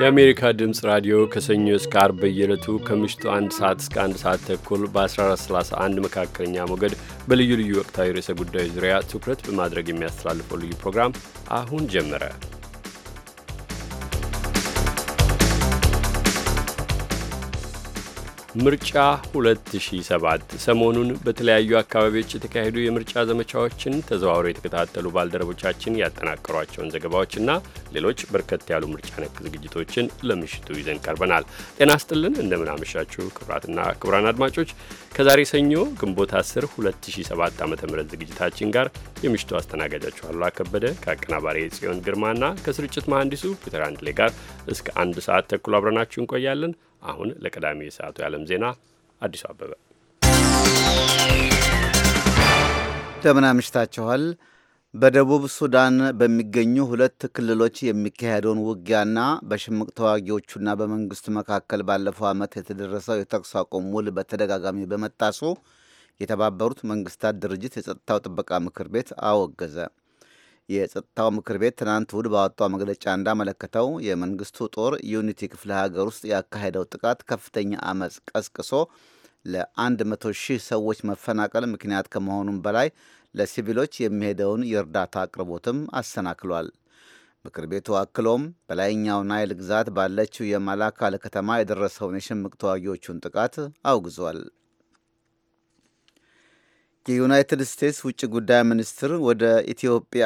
የአሜሪካ ድምፅ ራዲዮ ከሰኞ እስከ አርብ በየዕለቱ ከምሽቱ አንድ ሰዓት እስከ አንድ ሰዓት ተኩል በ1431 መካከለኛ ሞገድ በልዩ ልዩ ወቅታዊ ርዕሰ ጉዳዮች ዙሪያ ትኩረት በማድረግ የሚያስተላልፈው ልዩ ፕሮግራም አሁን ጀመረ። ምርጫ 2007 ሰሞኑን በተለያዩ አካባቢዎች የተካሄዱ የምርጫ ዘመቻዎችን ተዘዋውሮ የተከታተሉ ባልደረቦቻችን ያጠናቀሯቸውን ዘገባዎችና ሌሎች በርከት ያሉ ምርጫ ነክ ዝግጅቶችን ለምሽቱ ይዘን ቀርበናል። ጤና ስጥልን፣ እንደምናመሻችሁ ክቡራትና ክቡራን አድማጮች ከዛሬ ሰኞ ግንቦት 10 2007 ዓ ም ዝግጅታችን ጋር የምሽቱ አስተናጋጃችሁ አሉላ ከበደ ከአቀናባሪ ጽዮን ግርማና ከስርጭት መሐንዲሱ ፒተር አንድሌ ጋር እስከ አንድ ሰዓት ተኩል አብረናችሁ እንቆያለን። አሁን ለቀዳሚ የሰዓቱ የዓለም ዜና አዲሱ አበበ እንደምን አምሽታችኋል። በደቡብ ሱዳን በሚገኙ ሁለት ክልሎች የሚካሄደውን ውጊያና በሽምቅ ተዋጊዎቹና በመንግስቱ መካከል ባለፈው ዓመት የተደረሰው የተኩስ አቁም ውል በተደጋጋሚ በመጣሱ የተባበሩት መንግስታት ድርጅት የጸጥታው ጥበቃ ምክር ቤት አወገዘ። የጸጥታው ምክር ቤት ትናንት እሁድ ባወጣው መግለጫ እንዳመለከተው የመንግስቱ ጦር ዩኒቲ ክፍለ ሀገር ውስጥ ያካሄደው ጥቃት ከፍተኛ አመፅ ቀስቅሶ ለ100 ሺህ ሰዎች መፈናቀል ምክንያት ከመሆኑም በላይ ለሲቪሎች የሚሄደውን የእርዳታ አቅርቦትም አሰናክሏል። ምክር ቤቱ አክሎም በላይኛው ናይል ግዛት ባለችው የማላካል ከተማ የደረሰውን የሽምቅ ተዋጊዎቹን ጥቃት አውግዟል። የዩናይትድ ስቴትስ ውጭ ጉዳይ ሚኒስትር ወደ ኢትዮጵያ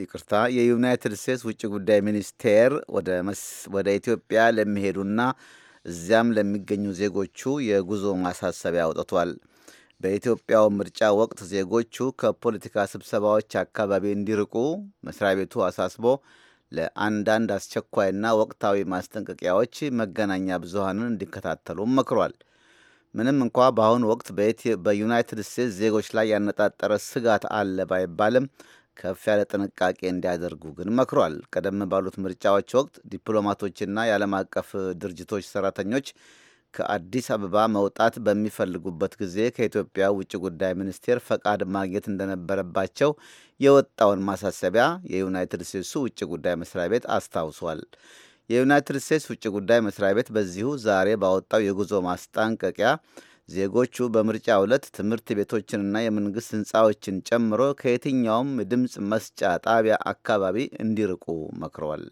ይቅርታ የዩናይትድ ስቴትስ ውጭ ጉዳይ ሚኒስቴር ወደ ኢትዮጵያ ለሚሄዱና እዚያም ለሚገኙ ዜጎቹ የጉዞ ማሳሰቢያ አውጥቷል። በኢትዮጵያው ምርጫ ወቅት ዜጎቹ ከፖለቲካ ስብሰባዎች አካባቢ እንዲርቁ መስሪያ ቤቱ አሳስቦ ለአንዳንድ አስቸኳይና ወቅታዊ ማስጠንቀቂያዎች መገናኛ ብዙሃንን እንዲከታተሉ መክሯል። ምንም እንኳ በአሁኑ ወቅት በዩናይትድ ስቴትስ ዜጎች ላይ ያነጣጠረ ስጋት አለ ባይባልም ከፍ ያለ ጥንቃቄ እንዲያደርጉ ግን መክሯል። ቀደም ባሉት ምርጫዎች ወቅት ዲፕሎማቶችና የዓለም አቀፍ ድርጅቶች ሰራተኞች ከአዲስ አበባ መውጣት በሚፈልጉበት ጊዜ ከኢትዮጵያ ውጭ ጉዳይ ሚኒስቴር ፈቃድ ማግኘት እንደነበረባቸው የወጣውን ማሳሰቢያ የዩናይትድ ስቴትሱ ውጭ ጉዳይ መስሪያ ቤት አስታውሷል። የዩናይትድ ስቴትስ ውጭ ጉዳይ መስሪያ ቤት በዚሁ ዛሬ ባወጣው የጉዞ ማስጠንቀቂያ ዜጎቹ በምርጫ ዕለት ትምህርት ቤቶችንና የመንግሥት ሕንፃዎችን ጨምሮ ከየትኛውም ድምፅ መስጫ ጣቢያ አካባቢ እንዲርቁ መክረዋል።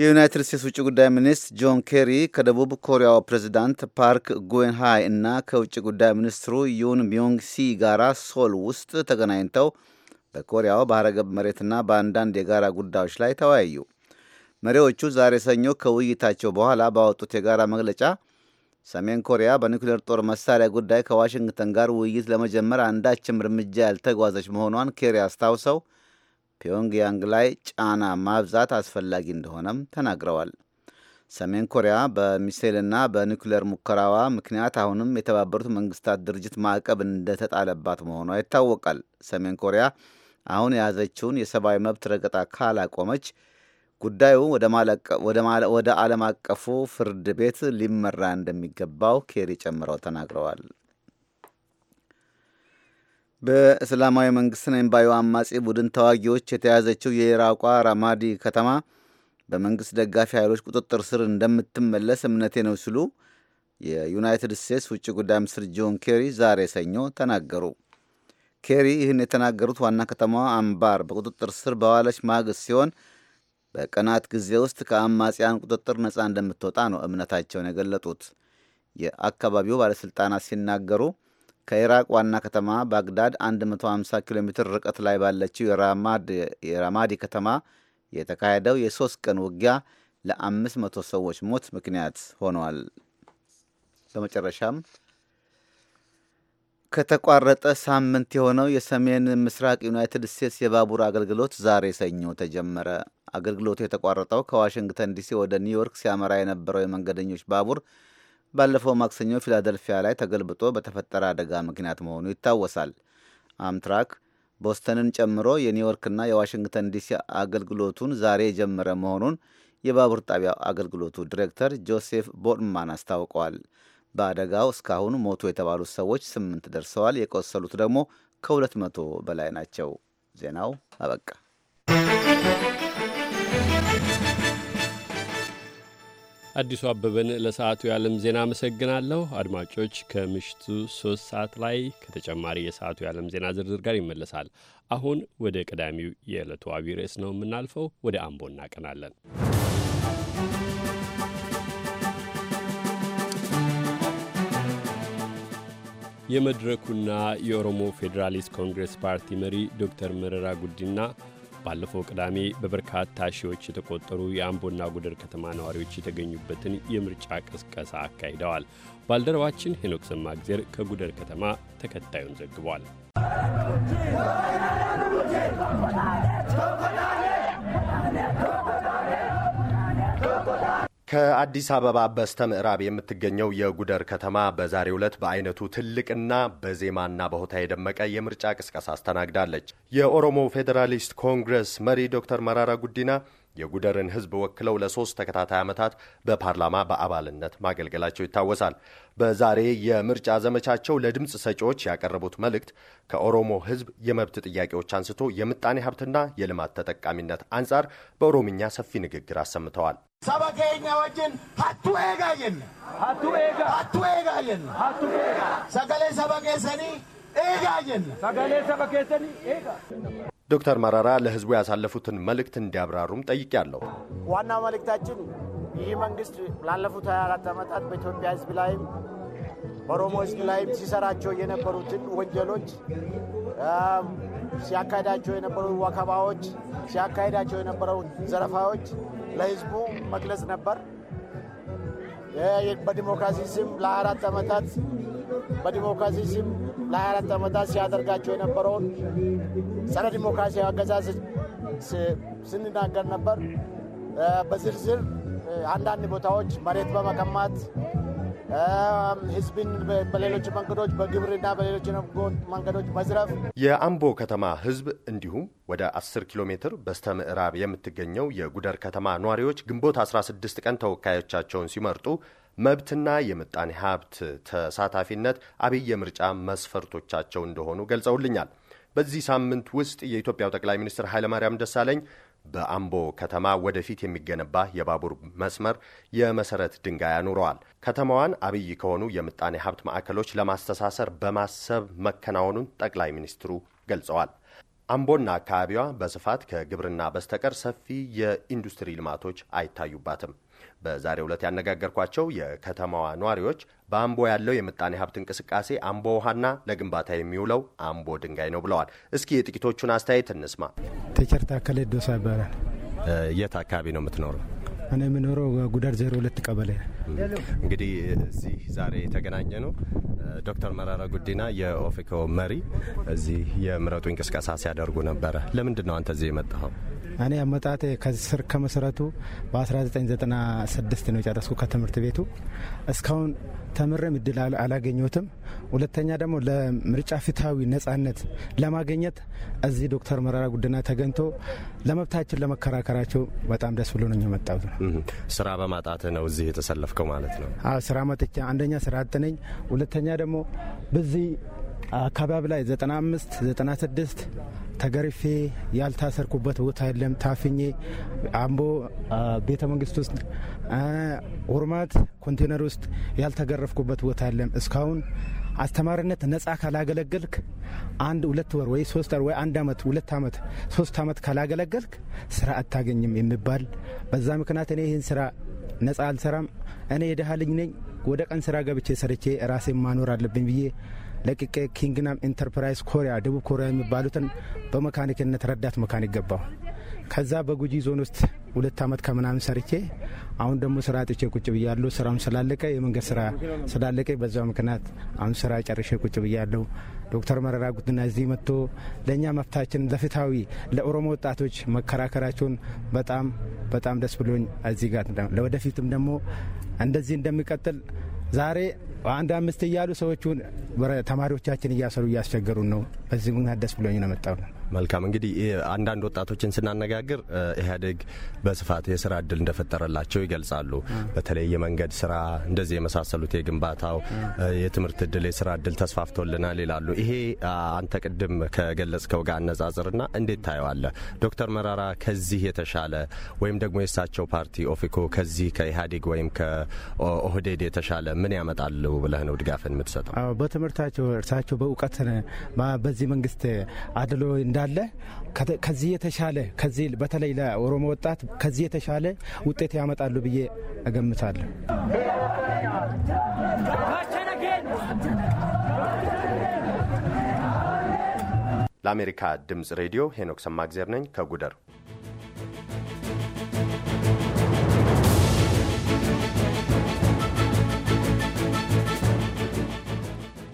የዩናይትድ ስቴትስ ውጭ ጉዳይ ሚኒስትር ጆን ኬሪ ከደቡብ ኮሪያው ፕሬዚዳንት ፓርክ ጉንሃይ እና ከውጭ ጉዳይ ሚኒስትሩ ዩን ሚዮንግ ሲ ጋር ሶል ውስጥ ተገናኝተው በኮሪያው ባህረ ገብ መሬትና በአንዳንድ የጋራ ጉዳዮች ላይ ተወያዩ። መሪዎቹ ዛሬ ሰኞ ከውይይታቸው በኋላ ባወጡት የጋራ መግለጫ ሰሜን ኮሪያ በኒውክሌር ጦር መሳሪያ ጉዳይ ከዋሽንግተን ጋር ውይይት ለመጀመር አንዳችም እርምጃ ያልተጓዘች መሆኗን ኬሪ አስታውሰው ፒዮንግያንግ ላይ ጫና ማብዛት አስፈላጊ እንደሆነም ተናግረዋል። ሰሜን ኮሪያ በሚሳይልና በኒውክሌር ሙከራዋ ምክንያት አሁንም የተባበሩት መንግስታት ድርጅት ማዕቀብ እንደተጣለባት መሆኗ ይታወቃል። ሰሜን ኮሪያ አሁን የያዘችውን የሰብአዊ መብት ረገጣ ካላቆመች ጉዳዩ ወደ ዓለም አቀፉ ፍርድ ቤት ሊመራ እንደሚገባው ኬሪ ጨምረው ተናግረዋል። በእስላማዊ መንግስት ነኝ ባዩ አማጺ ቡድን ተዋጊዎች የተያዘችው የኢራቋ ራማዲ ከተማ በመንግስት ደጋፊ ኃይሎች ቁጥጥር ስር እንደምትመለስ እምነቴ ነው ሲሉ የዩናይትድ ስቴትስ ውጭ ጉዳይ ሚኒስትር ጆን ኬሪ ዛሬ ሰኞ ተናገሩ። ኬሪ ይህን የተናገሩት ዋና ከተማዋ አምባር በቁጥጥር ስር በዋለች ማግስት ሲሆን በቀናት ጊዜ ውስጥ ከአማጽያን ቁጥጥር ነፃ እንደምትወጣ ነው እምነታቸውን የገለጡት። የአካባቢው ባለሥልጣናት ሲናገሩ ከኢራቅ ዋና ከተማ ባግዳድ 150 ኪሎ ሜትር ርቀት ላይ ባለችው የራማዲ ከተማ የተካሄደው የሦስት ቀን ውጊያ ለ500 ሰዎች ሞት ምክንያት ሆኗል። በመጨረሻም ከተቋረጠ ሳምንት የሆነው የሰሜን ምስራቅ ዩናይትድ ስቴትስ የባቡር አገልግሎት ዛሬ ሰኞ ተጀመረ። አገልግሎቱ የተቋረጠው ከዋሽንግተን ዲሲ ወደ ኒውዮርክ ሲያመራ የነበረው የመንገደኞች ባቡር ባለፈው ማክሰኞ ፊላደልፊያ ላይ ተገልብጦ በተፈጠረ አደጋ ምክንያት መሆኑ ይታወሳል። አምትራክ ቦስተንን ጨምሮ የኒውዮርክና የዋሽንግተን ዲሲ አገልግሎቱን ዛሬ የጀመረ መሆኑን የባቡር ጣቢያ አገልግሎቱ ዲሬክተር ጆሴፍ ቦድማን አስታውቀዋል። በአደጋው እስካሁን ሞቱ የተባሉት ሰዎች ስምንት ደርሰዋል። የቆሰሉት ደግሞ ከሁለት መቶ በላይ ናቸው። ዜናው አበቃ። አዲሱ አበበን ለሰዓቱ የዓለም ዜና አመሰግናለሁ። አድማጮች ከምሽቱ ሶስት ሰዓት ላይ ከተጨማሪ የሰዓቱ የዓለም ዜና ዝርዝር ጋር ይመለሳል። አሁን ወደ ቀዳሚው የዕለቱ አብይ ርዕስ ነው የምናልፈው። ወደ አምቦ እናቀናለን። የመድረኩና የኦሮሞ ፌዴራሊስት ኮንግሬስ ፓርቲ መሪ ዶክተር መረራ ጉዲና ባለፈው ቅዳሜ በበርካታ ሺዎች የተቆጠሩ የአምቦና ጉደር ከተማ ነዋሪዎች የተገኙበትን የምርጫ ቅስቀሳ አካሂደዋል። ባልደረባችን ሄኖክ ሰማግዜር ከጉደር ከተማ ተከታዩን ዘግቧል። ከአዲስ አበባ በስተ ምዕራብ የምትገኘው የጉደር ከተማ በዛሬው ዕለት በአይነቱ ትልቅና በዜማና በሆታ የደመቀ የምርጫ ቅስቀሳ አስተናግዳለች። የኦሮሞ ፌዴራሊስት ኮንግረስ መሪ ዶክተር መራራ ጉዲና የጉደርን ህዝብ ወክለው ለሶስት ተከታታይ ዓመታት በፓርላማ በአባልነት ማገልገላቸው ይታወሳል። በዛሬ የምርጫ ዘመቻቸው ለድምፅ ሰጪዎች ያቀረቡት መልእክት ከኦሮሞ ህዝብ የመብት ጥያቄዎች አንስቶ የምጣኔ ሀብትና የልማት ተጠቃሚነት አንጻር በኦሮምኛ ሰፊ ንግግር አሰምተዋል። ሰባ ወጅን ሀቱ ኤጋ ጀነ ሀቱ ኤጋ ጀነ ሰገሌ ሰባ ኬሰኒ ኤጋ ጀነ ሰገሌ ሰባ ኤጋ ዶክተር መረራ ለህዝቡ ያሳለፉትን መልእክት እንዲያብራሩም ጠይቄያለሁ። ዋና መልእክታችን ይህ መንግስት ላለፉት 24 ዓመታት በኢትዮጵያ ህዝብ ላይም በኦሮሞ ህዝብ ላይም ሲሰራቸው የነበሩትን ወንጀሎች ሲያካሄዳቸው የነበሩ ወከባዎች፣ ሲያካሄዳቸው የነበረው ዘረፋዎች ለህዝቡ መግለጽ ነበር። በዲሞክራሲ ስም ለአራት ዓመታት በዲሞክራሲ ስም ለ24 ዓመታት ሲያደርጋቸው የነበረውን ጸረ ዲሞክራሲ አገዛዝ ስንናገር ነበር። በዝርዝር አንዳንድ ቦታዎች መሬት በመቀማት ህዝብን በሌሎች መንገዶች በግብርና በሌሎች መንገዶች መዝረፍ የአምቦ ከተማ ህዝብ እንዲሁም ወደ 10 ኪሎ ሜትር በስተ ምዕራብ የምትገኘው የጉደር ከተማ ነዋሪዎች ግንቦት 16 ቀን ተወካዮቻቸውን ሲመርጡ መብትና የምጣኔ ሀብት ተሳታፊነት አብይ የምርጫ መስፈርቶቻቸው እንደሆኑ ገልጸውልኛል። በዚህ ሳምንት ውስጥ የኢትዮጵያው ጠቅላይ ሚኒስትር ኃይለማርያም ደሳለኝ በአምቦ ከተማ ወደፊት የሚገነባ የባቡር መስመር የመሰረት ድንጋይ አኑረዋል። ከተማዋን አብይ ከሆኑ የምጣኔ ሀብት ማዕከሎች ለማስተሳሰር በማሰብ መከናወኑን ጠቅላይ ሚኒስትሩ ገልጸዋል። አምቦና አካባቢዋ በስፋት ከግብርና በስተቀር ሰፊ የኢንዱስትሪ ልማቶች አይታዩባትም። በዛሬው ዕለት ያነጋገርኳቸው የከተማዋ ነዋሪዎች በአምቦ ያለው የምጣኔ ሀብት እንቅስቃሴ አምቦ ውሃና ለግንባታ የሚውለው አምቦ ድንጋይ ነው ብለዋል። እስኪ የጥቂቶቹን አስተያየት እንስማ። ተቸርታ ታከለ ይባላል። የት አካባቢ ነው የምትኖረው? እኔ የምኖረው ጉዳር ዜሮ ሁለት ቀበሌ። እንግዲህ እዚህ ዛሬ የተገናኘ ነው ዶክተር መራራ ጉዲና የኦፌኮ መሪ እዚህ የምረጡ እንቅስቃሴ ሲያደርጉ ነበረ። ለምንድን ነው አንተ እዚህ የመጣኸው? እኔ አመጣጤ ከስር ከመሰረቱ በ1996 ነው የጨረስኩ ከትምህርት ቤቱ እስካሁን ተምሬም እድል አላገኘሁትም። ሁለተኛ ደግሞ ለምርጫ ፍትሐዊ ነጻነት ለማግኘት እዚህ ዶክተር መረራ ጉድና ተገኝቶ ለመብታችን ለመከራከራቸው በጣም ደስ ብሎ ነው የመጣሁት። ስራ በማጣት ነው እዚህ የተሰለፍከው ማለት ነው? ስራ መጥቻ አንደኛ ስራ አጥ ሁለተኛ ደግሞ በዚህ አካባቢ ላይ 95 96 ተገርፌ ያልታሰርኩበት ቦታ የለም። ታፍኜ አምቦ ቤተ መንግስት ውስጥ ሁርማት ኮንቴነር ውስጥ ያልተገረፍኩበት ቦታ የለም። እስካሁን አስተማሪነት ነጻ ካላገለገልክ አንድ ሁለት ወር ወይ ሶስት ወር ወይ አንድ አመት ሁለት አመት ሶስት አመት ካላገለገልክ ስራ አታገኝም የሚባል በዛ ምክንያት እኔ ይህን ስራ ነጻ አልሰራም። እኔ የደሃ ልጅ ነኝ። ወደ ቀን ስራ ገብቼ ሰርቼ ራሴ ማኖር አለብኝ ብዬ ለቅቄ ኪንግናም ኢንተርፕራይዝ ኮሪያ፣ ደቡብ ኮሪያ የሚባሉትን በመካኒክነት ረዳት መካኒክ ገባሁ። ከዛ በጉጂ ዞን ውስጥ ሁለት ዓመት ከምናምን ሰርቼ አሁን ደግሞ ስራ አጥቼ ቁጭ ብያለሁ። ስራም ስላለቀ የመንገድ ስራ ስላለቀ በዛ ምክንያት አሁን ስራ ጨርሼ ቁጭ ብያለሁ። ዶክተር መረራ ጉዲና እዚህ መጥቶ ለእኛ መፍታችን ለፍትሐዊ ለኦሮሞ ወጣቶች መከራከራቸውን በጣም በጣም ደስ ብሎኝ እዚህ ጋር ለወደፊትም ደግሞ እንደዚህ እንደሚቀጥል ዛሬ አንድ አምስት እያሉ ሰዎቹን ተማሪዎቻችን እያሰሩ እያስቸገሩን ነው። በዚህ ምክንያት ደስ ብሎኝ ነው መጣው ነው መልካም እንግዲህ አንዳንድ ወጣቶችን ስናነጋግር ኢህአዴግ በስፋት የስራ እድል እንደፈጠረላቸው ይገልጻሉ። በተለይ የመንገድ ስራ እንደዚህ የመሳሰሉት የግንባታው፣ የትምህርት እድል፣ የስራ እድል ተስፋፍቶልናል ይላሉ። ይሄ አንተ ቅድም ከገለጽከው ጋር አነጻጽርና እንዴት ታየዋለ? ዶክተር መራራ ከዚህ የተሻለ ወይም ደግሞ የእሳቸው ፓርቲ ኦፊኮ ከዚህ ከኢህአዴግ ወይም ከኦህዴድ የተሻለ ምን ያመጣሉ ብለህ ነው ድጋፍን የምትሰጠው? በትምህርታቸው እርሳቸው በእውቀት በዚህ መንግስት አድሎ እንዳለ ከዚህ የተሻለ ከዚህ በተለይ ለኦሮሞ ወጣት ከዚህ የተሻለ ውጤት ያመጣሉ ብዬ እገምታለሁ። ለአሜሪካ ድምፅ ሬዲዮ ሄኖክ ሰማግዜር ነኝ ከጉደር።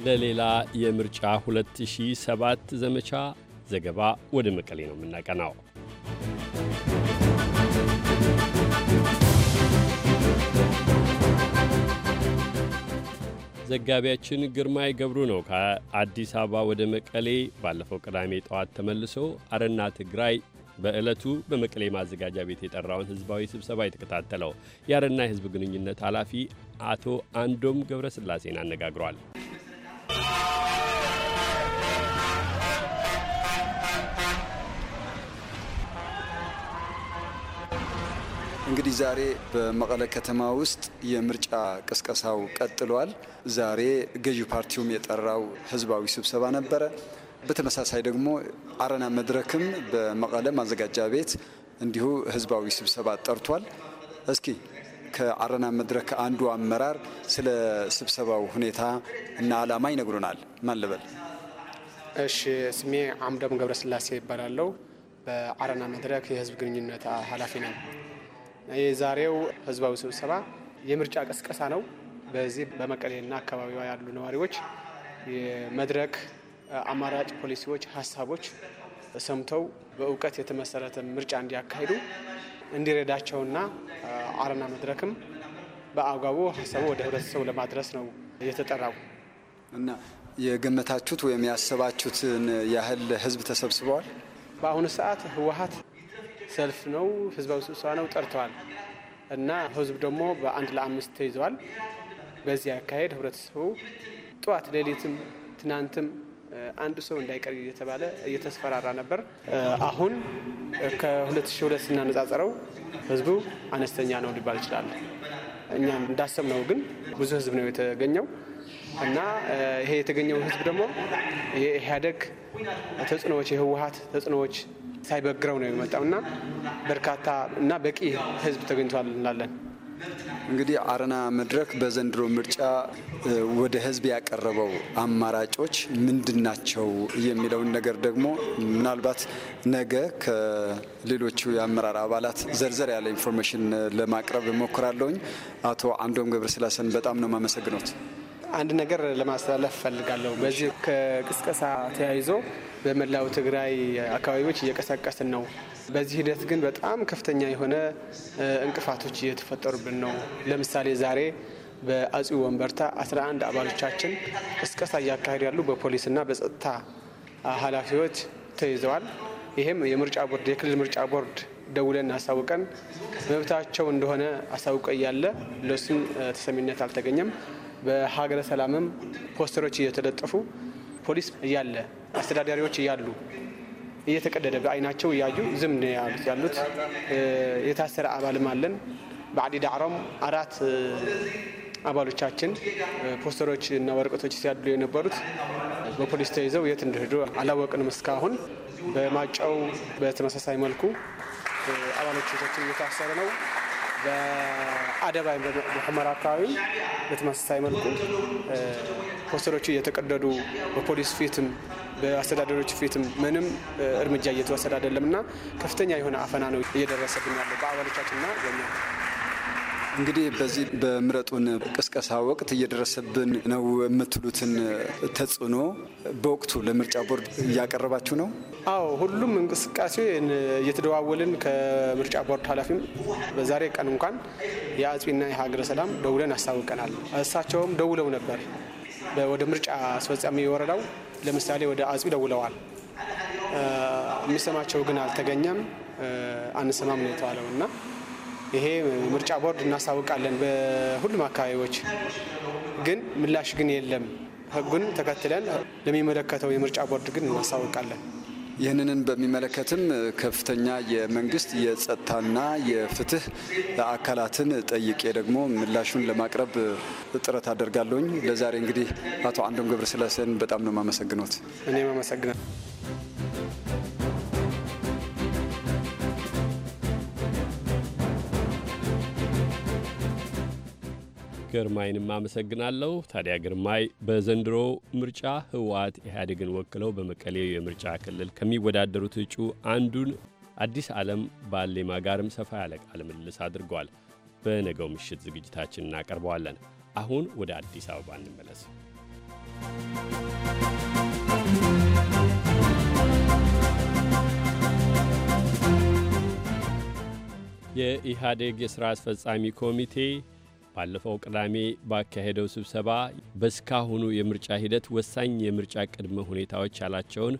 ለሌላ የምርጫ 2007 ዘመቻ ዘገባ ወደ መቀሌ ነው የምናቀናው። ዘጋቢያችን ግርማይ ገብሩ ነው ከአዲስ አበባ ወደ መቀሌ ባለፈው ቅዳሜ ጠዋት ተመልሶ አረና ትግራይ በዕለቱ በመቀሌ ማዘጋጃ ቤት የጠራውን ህዝባዊ ስብሰባ የተከታተለው የአረና የህዝብ ግንኙነት ኃላፊ አቶ አንዶም ገብረስላሴን አነጋግሯል። እንግዲህ ዛሬ በመቀለ ከተማ ውስጥ የምርጫ ቅስቀሳው ቀጥሏል። ዛሬ ገዢ ፓርቲውም የጠራው ህዝባዊ ስብሰባ ነበረ። በተመሳሳይ ደግሞ አረና መድረክም በመቀለ ማዘጋጃ ቤት እንዲሁ ህዝባዊ ስብሰባ ጠርቷል። እስኪ ከአረና መድረክ አንዱ አመራር ስለ ስብሰባው ሁኔታ እና አላማ ይነግሩናል። ማን ልበል? እሺ፣ ስሜ አምደም ገብረስላሴ ይባላለሁ። በአረና መድረክ የህዝብ ግንኙነት ኃላፊ ነኝ። የዛሬው ህዝባዊ ስብሰባ የምርጫ ቀስቀሳ ነው። በዚህ በመቀሌና አካባቢዋ ያሉ ነዋሪዎች የመድረክ አማራጭ ፖሊሲዎች፣ ሀሳቦች ሰምተው በእውቀት የተመሰረተ ምርጫ እንዲያካሂዱ እንዲረዳቸውና አረና መድረክም በአጋቦ ሀሳቡ ወደ ህብረተሰቡ ለማድረስ ነው የተጠራው እና የገመታችሁት ወይም ያሰባችሁትን ያህል ህዝብ ተሰብስበዋል። በአሁኑ ሰዓት ህወሀት ሰልፍ ነው፣ ህዝባዊ ስብሰባ ነው ጠርተዋል እና ህዝብ ደግሞ በአንድ ለአምስት ተይዘዋል። በዚህ አካሄድ ህብረተሰቡ ጠዋት ሌሊትም ትናንትም አንድ ሰው እንዳይቀር እየተባለ እየተስፈራራ ነበር። አሁን ከ2002 ስናነጻጸረው ህዝቡ አነስተኛ ነው ሊባል ይችላል። እኛም እንዳሰብነው ግን ብዙ ህዝብ ነው የተገኘው እና ይሄ የተገኘው ህዝብ ደግሞ የኢህአዴግ ተጽዕኖዎች፣ የህወሀት ተጽዕኖዎች ሳይበግረው ነው የመጣው እና በርካታ እና በቂ ህዝብ ተገኝቷል እንላለን። እንግዲህ አረና መድረክ በዘንድሮ ምርጫ ወደ ህዝብ ያቀረበው አማራጮች ምንድን ናቸው የሚለውን ነገር ደግሞ ምናልባት ነገ ከሌሎቹ የአመራር አባላት ዘርዘር ያለ ኢንፎርሜሽን ለማቅረብ እሞክራለሁኝ። አቶ አንዶም ገብረስላሴን በጣም ነው የማመሰግነው። አንድ ነገር ለማስተላለፍ እፈልጋለሁ። በዚህ ከቅስቀሳ ተያይዞ በመላው ትግራይ አካባቢዎች እየቀሰቀስን ነው። በዚህ ሂደት ግን በጣም ከፍተኛ የሆነ እንቅፋቶች እየተፈጠሩብን ነው። ለምሳሌ ዛሬ በአፄ ወንበርታ 11 አባሎቻችን ቅስቀሳ እያካሄዱ ያሉ በፖሊስና በጸጥታ ኃላፊዎች ተይዘዋል። ይህም የምርጫ ቦርድ የክልል ምርጫ ቦርድ ደውለን አሳውቀን መብታቸው እንደሆነ አሳውቀ እያለ ለሱም ተሰሚነት አልተገኘም። በሀገረ ሰላምም ፖስተሮች እየተለጠፉ ፖሊስ እያለ አስተዳዳሪዎች እያሉ እየተቀደደ በአይናቸው እያዩ ዝም ያሉት ያሉት የታሰረ አባልም አለን። በአዲ ዳዕሮም አራት አባሎቻችን ፖስተሮች እና ወረቀቶች ሲያድሉ የነበሩት በፖሊስ ተይዘው የት እንደሄዱ አላወቅንም እስካሁን። በማጫው በተመሳሳይ መልኩ አባሎቻችን እየታሰረ ነው። በአደባይ በመሐመር አካባቢ በተመሳሳይ መልኩ ፖስተሮቹ እየተቀደዱ በፖሊስ ፊትም በአስተዳደሮች ፊትም ምንም እርምጃ እየተወሰደ አይደለም እና ከፍተኛ የሆነ አፈና ነው እየደረሰብን ያለው በአባሎቻችንና በኛ እንግዲህ በዚህ በምረጡን ቅስቀሳ ወቅት እየደረሰብን ነው የምትሉትን ተጽዕኖ በወቅቱ ለምርጫ ቦርድ እያቀረባችሁ ነው? አዎ፣ ሁሉም እንቅስቃሴ እየተደዋወልን ከምርጫ ቦርድ ኃላፊም በዛሬ ቀን እንኳን የአጽቢና የሀገረ ሰላም ደውለን አስታውቀናል። እሳቸውም ደውለው ነበር ወደ ምርጫ አስፈጻሚ ወረዳው ለምሳሌ ወደ አጽቢ ደውለዋል። የሚሰማቸው ግን አልተገኘም። አንሰማም ነው የተባለው እና ይሄ ምርጫ ቦርድ እናሳውቃለን በሁሉም አካባቢዎች ግን ምላሽ ግን የለም። ህጉን ተከትለን ለሚመለከተው የምርጫ ቦርድ ግን እናሳውቃለን። ይህንንን በሚመለከትም ከፍተኛ የመንግስት የጸጥታና የፍትህ አካላትን ጠይቄ ደግሞ ምላሹን ለማቅረብ ጥረት አደርጋለሁኝ። ለዛሬ እንግዲህ አቶ አንዶም ገብረስላሴን በጣም ነው ማመሰግኖት። እኔም አመሰግናለሁ። ግርማይንም አመሰግናለሁ። ታዲያ ግርማይ በዘንድሮ ምርጫ ህወሓት ኢህአዴግን ወክለው በመቀሌው የምርጫ ክልል ከሚወዳደሩት እጩ አንዱን አዲስ ዓለም ባሌማ ጋርም ሰፋ ያለ ቃለ ምልልስ አድርጓል። በነገው ምሽት ዝግጅታችን እናቀርበዋለን። አሁን ወደ አዲስ አበባ እንመለስ። የኢህአዴግ የሥራ አስፈጻሚ ኮሚቴ ባለፈው ቅዳሜ ባካሄደው ስብሰባ በእስካሁኑ የምርጫ ሂደት ወሳኝ የምርጫ ቅድመ ሁኔታዎች ያላቸውን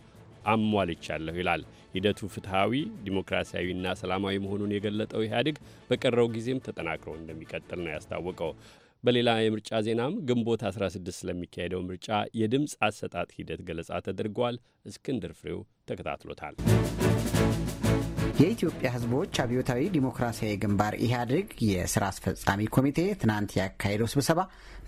አሟልቻለሁ ይላል። ሂደቱ ፍትሐዊ፣ ዲሞክራሲያዊና ሰላማዊ መሆኑን የገለጠው ኢህአዴግ በቀረው ጊዜም ተጠናክሮ እንደሚቀጥል ነው ያስታወቀው። በሌላ የምርጫ ዜናም ግንቦት 16 ስለሚካሄደው ምርጫ የድምፅ አሰጣጥ ሂደት ገለጻ ተደርጓል። እስክንድር ፍሬው ተከታትሎታል። የኢትዮጵያ ሕዝቦች አብዮታዊ ዲሞክራሲያዊ ግንባር ኢህአዴግ የስራ አስፈጻሚ ኮሚቴ ትናንት ያካሄደው ስብሰባ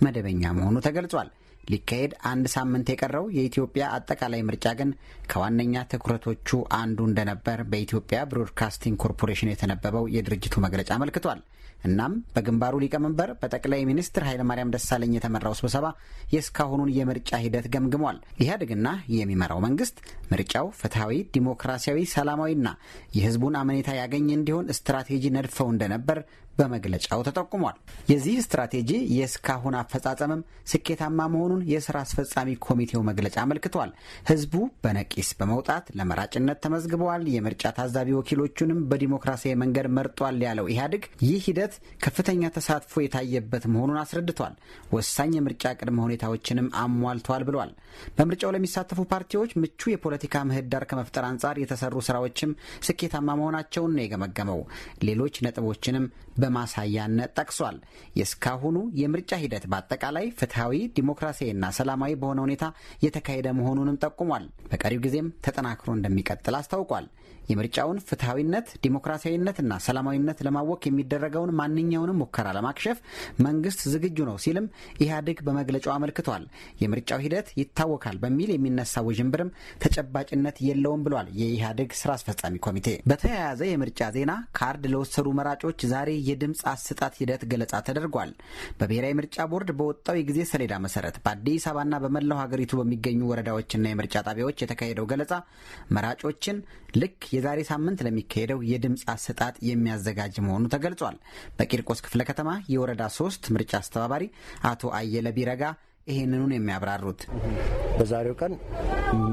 መደበኛ መሆኑ ተገልጿል። ሊካሄድ አንድ ሳምንት የቀረው የኢትዮጵያ አጠቃላይ ምርጫ ግን ከዋነኛ ትኩረቶቹ አንዱ እንደነበር በኢትዮጵያ ብሮድካስቲንግ ኮርፖሬሽን የተነበበው የድርጅቱ መግለጫ አመልክቷል። እናም በግንባሩ ሊቀመንበር በጠቅላይ ሚኒስትር ኃይለማርያም ደሳለኝ የተመራው ስብሰባ የእስካሁኑን የምርጫ ሂደት ገምግሟል። ኢህአዴግና የሚመራው መንግስት ምርጫው ፍትሐዊ፣ ዲሞክራሲያዊ፣ ሰላማዊና የህዝቡን አመኔታ ያገኝ እንዲሆን ስትራቴጂ ነድፈው እንደነበር በመግለጫው ተጠቁሟል። የዚህ ስትራቴጂ የእስካሁን አፈጻጸምም ስኬታማ መሆኑን የስራ አስፈጻሚ ኮሚቴው መግለጫ አመልክቷል። ህዝቡ በነቂስ በመውጣት ለመራጭነት ተመዝግበዋል፣ የምርጫ ታዛቢ ወኪሎቹንም በዲሞክራሲያዊ መንገድ መርጧል ያለው ኢህአዴግ ይህ ሂደት ከፍተኛ ተሳትፎ የታየበት መሆኑን አስረድቷል። ወሳኝ የምርጫ ቅድመ ሁኔታዎችንም አሟልቷል ብሏል። በምርጫው ለሚሳተፉ ፓርቲዎች ምቹ የፖለቲካ ምህዳር ከመፍጠር አንጻር የተሰሩ ስራዎችም ስኬታማ መሆናቸውን ነው የገመገመው። ሌሎች ነጥቦችንም በማሳያነት ጠቅሷል። የእስካሁኑ የምርጫ ሂደት በአጠቃላይ ፍትሐዊ፣ ዲሞክራሲያዊና ሰላማዊ በሆነ ሁኔታ የተካሄደ መሆኑንም ጠቁሟል። በቀሪው ጊዜም ተጠናክሮ እንደሚቀጥል አስታውቋል። የምርጫውን ፍትሐዊነት፣ ዲሞክራሲያዊነትና ሰላማዊነት ለማወክ የሚደረገውን ማንኛውንም ሙከራ ለማክሸፍ መንግስት ዝግጁ ነው ሲልም ኢህአዴግ በመግለጫው አመልክቷል። የምርጫው ሂደት ይታወካል በሚል የሚነሳ ውዥንብርም ተጨባጭነት የለውም ብሏል የኢህአዴግ ስራ አስፈጻሚ ኮሚቴ። በተያያዘ የምርጫ ዜና ካርድ ለወሰዱ መራጮች ዛሬ የድምፅ አስጣት ሂደት ገለጻ ተደርጓል። በብሔራዊ ምርጫ ቦርድ በወጣው የጊዜ ሰሌዳ መሰረት በአዲስ አበባና በመላው ሀገሪቱ በሚገኙ ወረዳዎችና የምርጫ ጣቢያዎች የተካሄደው ገለጻ መራጮችን ልክ የዛሬ ሳምንት ለሚካሄደው የድምፅ አሰጣጥ የሚያዘጋጅ መሆኑ ተገልጿል። በቂርቆስ ክፍለ ከተማ የወረዳ ሶስት ምርጫ አስተባባሪ አቶ አየለ ቢረጋ ይህንኑን የሚያብራሩት በዛሬው ቀን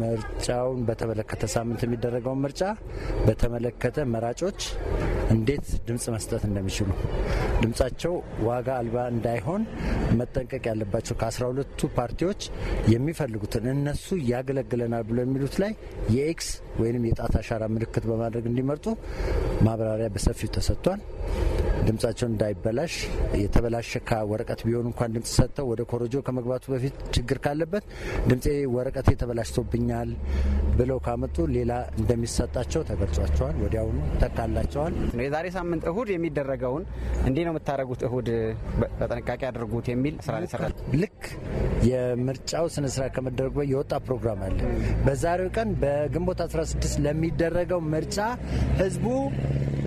ምርጫውን በተመለከተ ሳምንት የሚደረገውን ምርጫ በተመለከተ መራጮች እንዴት ድምፅ መስጠት እንደሚችሉ ድምፃቸው ዋጋ አልባ እንዳይሆን መጠንቀቅ ያለባቸው ከአስራ ሁለቱ ፓርቲዎች የሚፈልጉትን እነሱ ያገለግለናል ብሎ የሚሉት ላይ የኤክስ ወይም የጣት አሻራ ምልክት በማድረግ እንዲመርጡ ማብራሪያ በሰፊው ተሰጥቷል። ድምጻቸው እንዳይበላሽ የተበላሸ ወረቀት ቢሆን እንኳን ድምጽ ሰጥተው ወደ ኮረጆ ከመግባቱ በፊት ችግር ካለበት ድምፄ ወረቀቴ ተበላሽቶብኛል ብለው ካመጡ ሌላ እንደሚሰጣቸው ተገልጿቸዋል። ወዲያውኑ ተካላቸዋል። የዛሬ ሳምንት እሁድ የሚደረገውን እንዲህ ነው የምታደርጉት፣ እሁድ በጥንቃቄ አድርጉት የሚል ስራ ይሰራል። ልክ የምርጫው ስነስርዓት ከመደረጉ የወጣ ፕሮግራም አለ። በዛሬው ቀን በግንቦት 16 ለሚደረገው ምርጫ ህዝቡ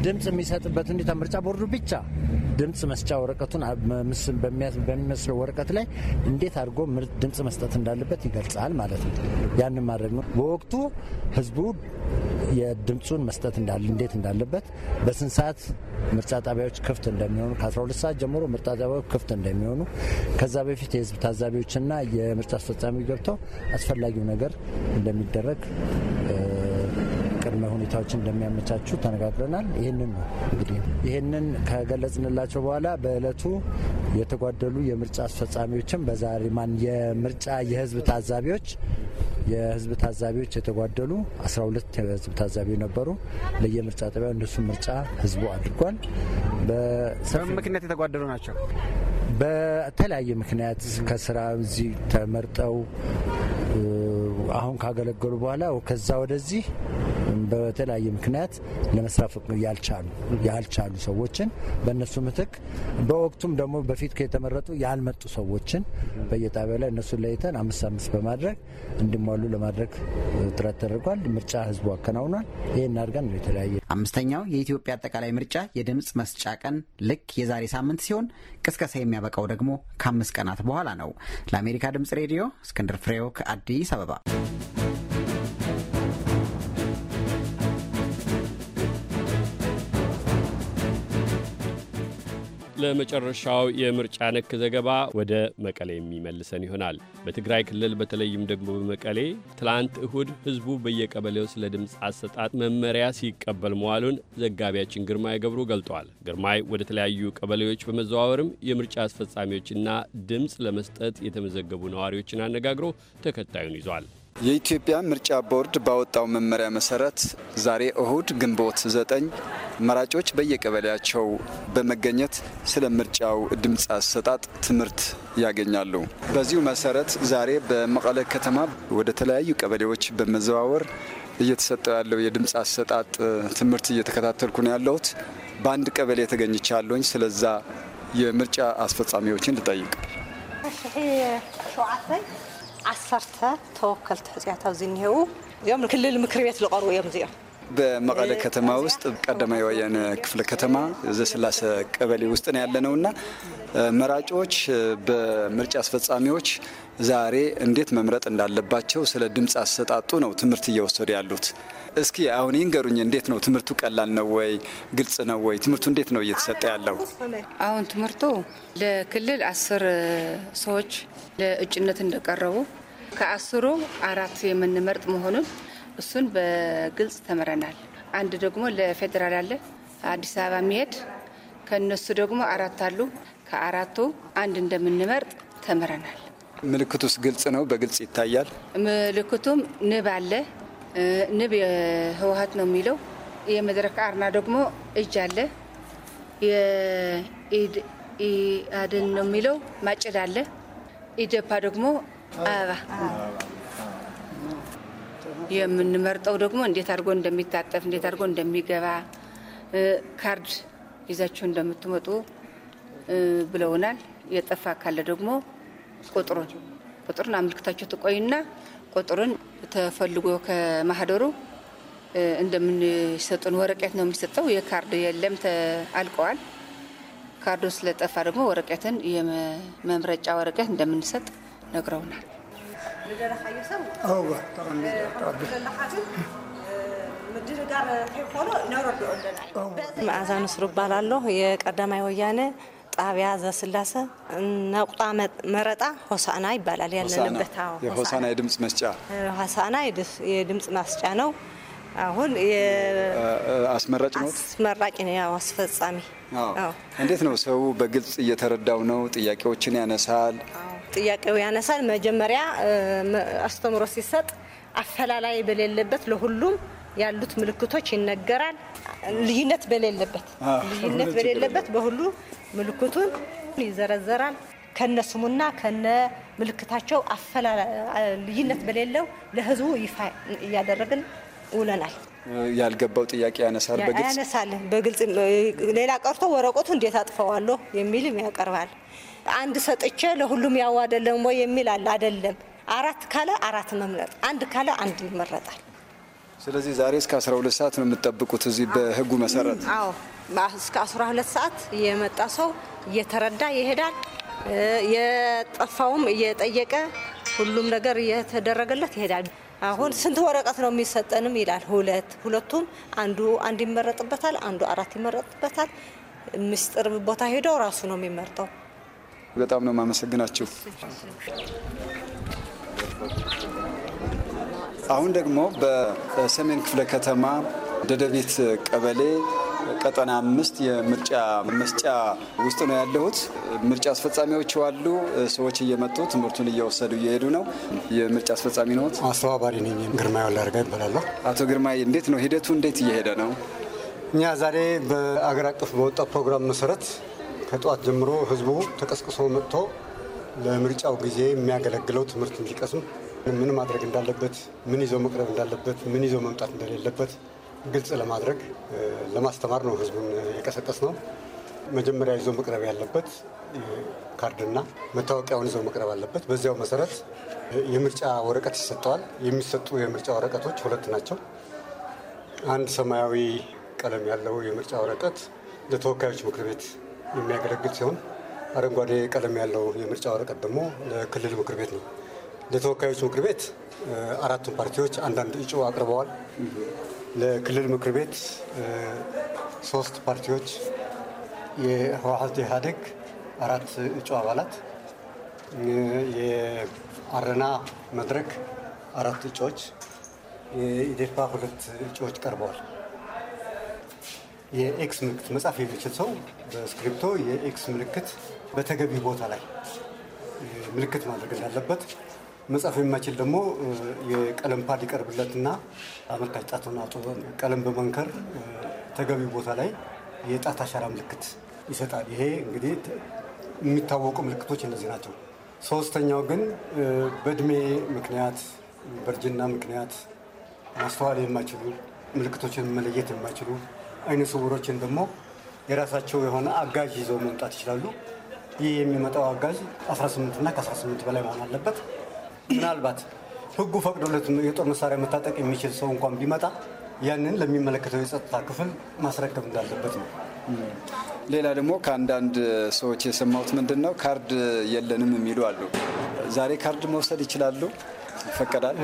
ድምፅ የሚሰጥበት ሁኔታ ምርጫ ቦርዱ ብቻ ድምፅ መስጫ ወረቀቱን በሚመስለው ወረቀት ላይ እንዴት አድርጎ ድምፅ መስጠት እንዳለበት ይገልጻል ማለት ነው። ያንን ማድረግ ነው። በወቅቱ ህዝቡ የድምፁን መስጠት እንዴት እንዳለበት፣ በስንት ሰዓት ምርጫ ጣቢያዎች ክፍት እንደሚሆኑ፣ ከ12 ሰዓት ጀምሮ ምርጫ ጣቢያዎች ክፍት እንደሚሆኑ፣ ከዛ በፊት የህዝብ ታዛቢዎችና የምርጫ አስፈጻሚ ገብተው አስፈላጊው ነገር እንደሚደረግ ቅድመ ሁኔታዎች እንደሚያመቻቹ ተነጋግረናል። ይህንን ነው እንግዲህ ይህንን ከገለጽንላቸው በኋላ በእለቱ የተጓደሉ የምርጫ አስፈጻሚዎችን በዛሬ ማን የምርጫ የህዝብ ታዛቢዎች የህዝብ ታዛቢዎች የተጓደሉ 12 የህዝብ ታዛቢ ነበሩ። ለየምርጫ ጣቢያ እነሱ ምርጫ ህዝቡ አድርጓል። ምክንያት የተጓደሉ ናቸው። በተለያየ ምክንያት ከስራ እዚህ ተመርጠው አሁን ካገለገሉ በኋላ ከዛ ወደዚህ በተለያየ ምክንያት ለመስራት ያልቻሉ ያልቻሉ ሰዎችን በእነሱ ምትክ በወቅቱም ደግሞ በፊት የተመረጡ ያልመጡ ሰዎችን በየጣቢያው ላይ እነሱን ለይተን አምስት አምስት በማድረግ እንዲሟሉ ለማድረግ ጥረት ተደርጓል። ምርጫ ህዝቡ አከናውኗል። ይህን አድርገን ነው የተለያየ አምስተኛው የኢትዮጵያ አጠቃላይ ምርጫ የድምፅ መስጫ ቀን ልክ የዛሬ ሳምንት ሲሆን ቅስቀሳ የሚያበቃው ደግሞ ከአምስት ቀናት በኋላ ነው። ለአሜሪካ ድምፅ ሬዲዮ እስክንድር ፍሬው ከአዲስ አበባ ለመጨረሻው የምርጫ ነክ ዘገባ ወደ መቀሌ የሚመልሰን ይሆናል። በትግራይ ክልል በተለይም ደግሞ በመቀሌ ትላንት እሁድ ህዝቡ በየቀበሌው ስለ ድምፅ አሰጣጥ መመሪያ ሲቀበል መዋሉን ዘጋቢያችን ግርማይ ገብሩ ገልጧል። ግርማይ ወደ ተለያዩ ቀበሌዎች በመዘዋወርም የምርጫ አስፈጻሚዎችና ድምፅ ለመስጠት የተመዘገቡ ነዋሪዎችን አነጋግሮ ተከታዩን ይዟል። የኢትዮጵያ ምርጫ ቦርድ ባወጣው መመሪያ መሰረት ዛሬ እሁድ ግንቦት ዘጠኝ መራጮች በየቀበሌያቸው በመገኘት ስለ ምርጫው ድምፅ አሰጣጥ ትምህርት ያገኛሉ። በዚሁ መሰረት ዛሬ በመቀለ ከተማ ወደ ተለያዩ ቀበሌዎች በመዘዋወር እየተሰጠው ያለው የድምፅ አሰጣጥ ትምህርት እየተከታተልኩ ነው ያለሁት። በአንድ ቀበሌ ተገኝቻለሁኝ። ስለዛ የምርጫ አስፈጻሚዎችን ልጠይቅ ዓሰርተ ተወከልቲ ሕፅያት ኣብዚ እኒሄው እዚኦም ንክልል ምክር ቤት ዝቐርቡ እዮም እዚኦም በመቐለ ከተማ ውስጥ ቀዳማይ ወያነ ክፍለ ከተማ ዘስላሴ ቀበሌ ውስጥ ነው ያለነውና መራጮች በምርጫ አስፈጻሚዎች ዛሬ እንዴት መምረጥ እንዳለባቸው ስለ ድምፅ አሰጣጡ ነው ትምህርት እየወሰዱ ያሉት። እስኪ አሁን ይንገሩኝ፣ እንዴት ነው ትምህርቱ? ቀላል ነው ወይ? ግልጽ ነው ወይ? ትምህርቱ እንዴት ነው እየተሰጠ ያለው? አሁን ትምህርቱ ለክልል አስር ሰዎች ለእጭነት እንደቀረቡ ከአስሩ አራት የምንመርጥ መሆኑን እሱን በግልጽ ተምረናል። አንድ ደግሞ ለፌዴራል አለ አዲስ አበባ የሚሄድ ከነሱ ደግሞ አራት አሉ። ከአራቱ አንድ እንደምንመርጥ ተምረናል። ምልክቱስ ግልጽ ነው? በግልጽ ይታያል። ምልክቱም ንብ አለ ንብ የህወሀት ነው የሚለው የመድረክ አርና ደግሞ እጅ አለ። የኢአድን ነው የሚለው ማጭድ አለ። ኢደፓ ደግሞ አበባ። የምንመርጠው ደግሞ እንዴት አድርጎ እንደሚታጠፍ እንዴት አድርጎ እንደሚገባ ካርድ ይዛችሁ እንደምትመጡ ብለውናል። የጠፋ ካለ ደግሞ ቁጥሩን ቁጥሩን አመልክታችሁ ትቆዩና ቁጥሩን ተፈልጎ ከማህደሩ እንደምንሰጡን ወረቀት ነው የሚሰጠው። የካርድ የለም አልቀዋል። ካርዱ ስለጠፋ ደግሞ ወረቀትን የመምረጫ ወረቀት እንደምንሰጥ ነግረውናል። መዓዛ ንስሩ እባላለሁ። የቀዳማይ ወያኔ ጣቢያ ዘስላሰ ነቁጣ መረጣ ሆሳና ይባላል ያለንበት። ሆሳና የድምጽ መስጫ ሆሳና የድምፅ ማስጫ ነው። አሁን አስመራጭ ነው አስመራጭ ነው ያው አስፈጻሚ። እንዴት ነው ሰው በግልጽ እየተረዳው ነው? ጥያቄዎችን ያነሳል ጥያቄው ያነሳል። መጀመሪያ አስተምሮ ሲሰጥ አፈላላይ በሌለበት ለሁሉም ያሉት ምልክቶች ይነገራል። ልዩነት በሌለበት ልዩነት በሌለበት በሁሉ ምልክቱን ይዘረዘራል። ከነ ስሙና ከነ ምልክታቸው ልዩነት በሌለው ለህዝቡ ይፋ እያደረግን ውለናል። ያልገባው ጥያቄ ያነሳል በግልጽ ያነሳል በግልጽ ሌላ ቀርቶ ወረቀቱ እንዴት አጥፈዋለሁ የሚልም ያቀርባል። አንድ ሰጥቼ ለሁሉም ያው አደለም ወይ የሚል አለ። አደለም አራት ካለ አራት መምረጥ፣ አንድ ካለ አንድ ይመረጣል። ስለዚህ ዛሬ እስከ 12 ሰዓት ነው የምትጠብቁት እዚህ በህጉ መሰረት? አዎ እስከ 12 ሰዓት የመጣ ሰው እየተረዳ ይሄዳል። የጠፋውም እየጠየቀ ሁሉም ነገር እየተደረገለት ይሄዳል። አሁን ስንት ወረቀት ነው የሚሰጠንም ይላል። ሁለት ሁለቱም አንዱ አንድ ይመረጥበታል፣ አንዱ አራት ይመረጥበታል። ምስጢር ቦታ ሄዶ ራሱ ነው የሚመርጠው። በጣም ነው የማመሰግናችሁ። አሁን ደግሞ በሰሜን ክፍለ ከተማ ደደቢት ቀበሌ ቀጠና አምስት የምርጫ መስጫ ውስጥ ነው ያለሁት። ምርጫ አስፈጻሚዎች አሉ። ሰዎች እየመጡ ትምህርቱን እየወሰዱ እየሄዱ ነው። የምርጫ አስፈጻሚ ነዎት? አስተባባሪ ነኝ። ግርማ ወላርጋ ይባላለሁ። አቶ ግርማ፣ እንዴት ነው ሂደቱ? እንዴት እየሄደ ነው? እኛ ዛሬ በአገር አቀፍ በወጣ ፕሮግራም መሰረት ከጠዋት ጀምሮ ህዝቡ ተቀስቅሶ መጥቶ ለምርጫው ጊዜ የሚያገለግለው ትምህርት እንዲቀስም ምን ማድረግ እንዳለበት፣ ምን ይዞ መቅረብ እንዳለበት፣ ምን ይዞ መምጣት እንደሌለበት ግልጽ ለማድረግ ለማስተማር ነው ህዝቡን የቀሰቀስ ነው። መጀመሪያ ይዞ መቅረብ ያለበት ካርድና መታወቂያውን ይዞ መቅረብ አለበት። በዚያው መሰረት የምርጫ ወረቀት ይሰጠዋል። የሚሰጡ የምርጫ ወረቀቶች ሁለት ናቸው። አንድ ሰማያዊ ቀለም ያለው የምርጫ ወረቀት ለተወካዮች ምክር ቤት የሚያገለግል ሲሆን አረንጓዴ ቀለም ያለው የምርጫ ወረቀት ደግሞ ለክልል ምክር ቤት ነው። ለተወካዮች ምክር ቤት አራቱን ፓርቲዎች አንዳንድ እጩ አቅርበዋል። ለክልል ምክር ቤት ሶስት ፓርቲዎች የህወሀት ኢህአዴግ አራት እጩ አባላት፣ የአረና መድረክ አራት እጩዎች፣ የኢዴፓ ሁለት እጩዎች ቀርበዋል። የኤክስ ምልክት መጻፍ የሚችል ሰው በስክሪፕቶ የኤክስ ምልክት በተገቢ ቦታ ላይ ምልክት ማድረግ እንዳለበት መጻፍ የማይችል ደግሞ የቀለም ፓድ ይቀርብለትና አመልካች ጣቱን አጥቦ ቀለም በመንከር ተገቢ ቦታ ላይ የጣት አሻራ ምልክት ይሰጣል። ይሄ እንግዲህ የሚታወቁ ምልክቶች እነዚህ ናቸው። ሶስተኛው ግን በእድሜ ምክንያት፣ በእርጅና ምክንያት ማስተዋል የማይችሉ ምልክቶችን መለየት የማይችሉ አይነ ስውሮችን ደግሞ የራሳቸው የሆነ አጋዥ ይዘው መምጣት ይችላሉ። ይህ የሚመጣው አጋዥ 18 እና ከ18 በላይ መሆን አለበት። ምናልባት ህጉ ፈቅዶለት የጦር መሳሪያ መታጠቅ የሚችል ሰው እንኳን ቢመጣ ያንን ለሚመለከተው የጸጥታ ክፍል ማስረከብ እንዳለበት ነው። ሌላ ደግሞ ከአንዳንድ ሰዎች የሰማሁት ምንድን ነው ካርድ የለንም የሚሉ አሉ። ዛሬ ካርድ መውሰድ ይችላሉ? ይፈቀዳል?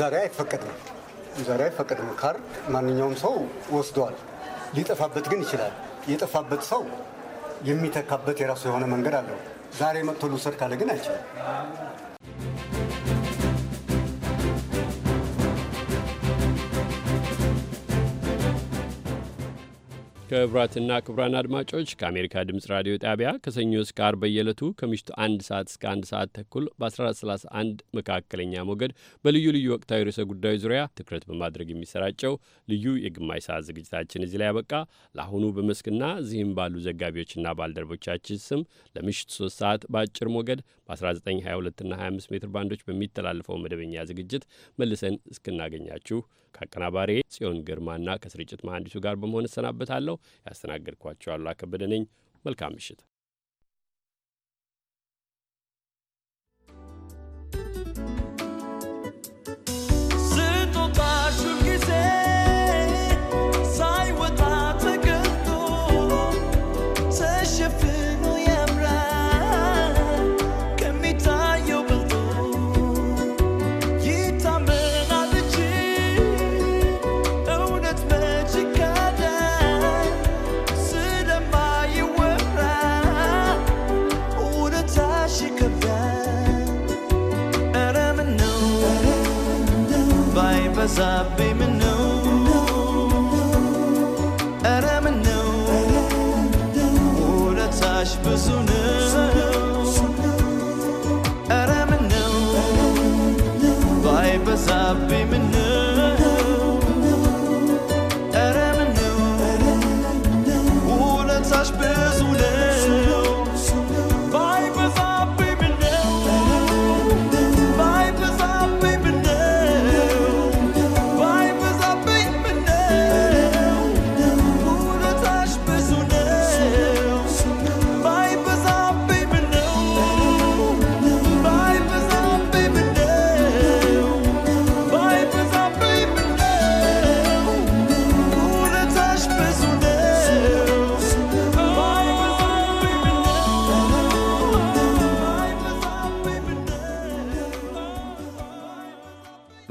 ዛሬ አይፈቀድም። ዛሬ አይፈቀድም። ካርድ ማንኛውም ሰው ወስደዋል። ሊጠፋበት ግን ይችላል። የጠፋበት ሰው የሚተካበት የራሱ የሆነ መንገድ አለው። ዛሬ መጥቶ ልውሰድ ካለ ግን አይችልም። ክቡራትና ክቡራን አድማጮች ከአሜሪካ ድምፅ ራዲዮ ጣቢያ ከሰኞ እስከ ዓርብ በየዕለቱ ከምሽቱ አንድ ሰዓት እስከ አንድ ሰዓት ተኩል በ1431 መካከለኛ ሞገድ በልዩ ልዩ ወቅታዊ ርዕሰ ጉዳዮች ዙሪያ ትኩረት በማድረግ የሚሰራጨው ልዩ የግማሽ ሰዓት ዝግጅታችን እዚህ ላይ ያበቃ። ለአሁኑ በመስክና እዚህም ባሉ ዘጋቢዎችና ባልደረቦቻችን ስም ለምሽቱ ሶስት ሰዓት በአጭር ሞገድ በ1922 እና 25 ሜትር ባንዶች በሚተላለፈው መደበኛ ዝግጅት መልሰን እስክናገኛችሁ ከአቀናባሪ ጽዮን ግርማና ከስርጭት መሐንዲሱ ጋር በመሆን እሰናበታለሁ። ያስተናገድኳችሁ አሉላ ከበደ ነኝ። መልካም ምሽት።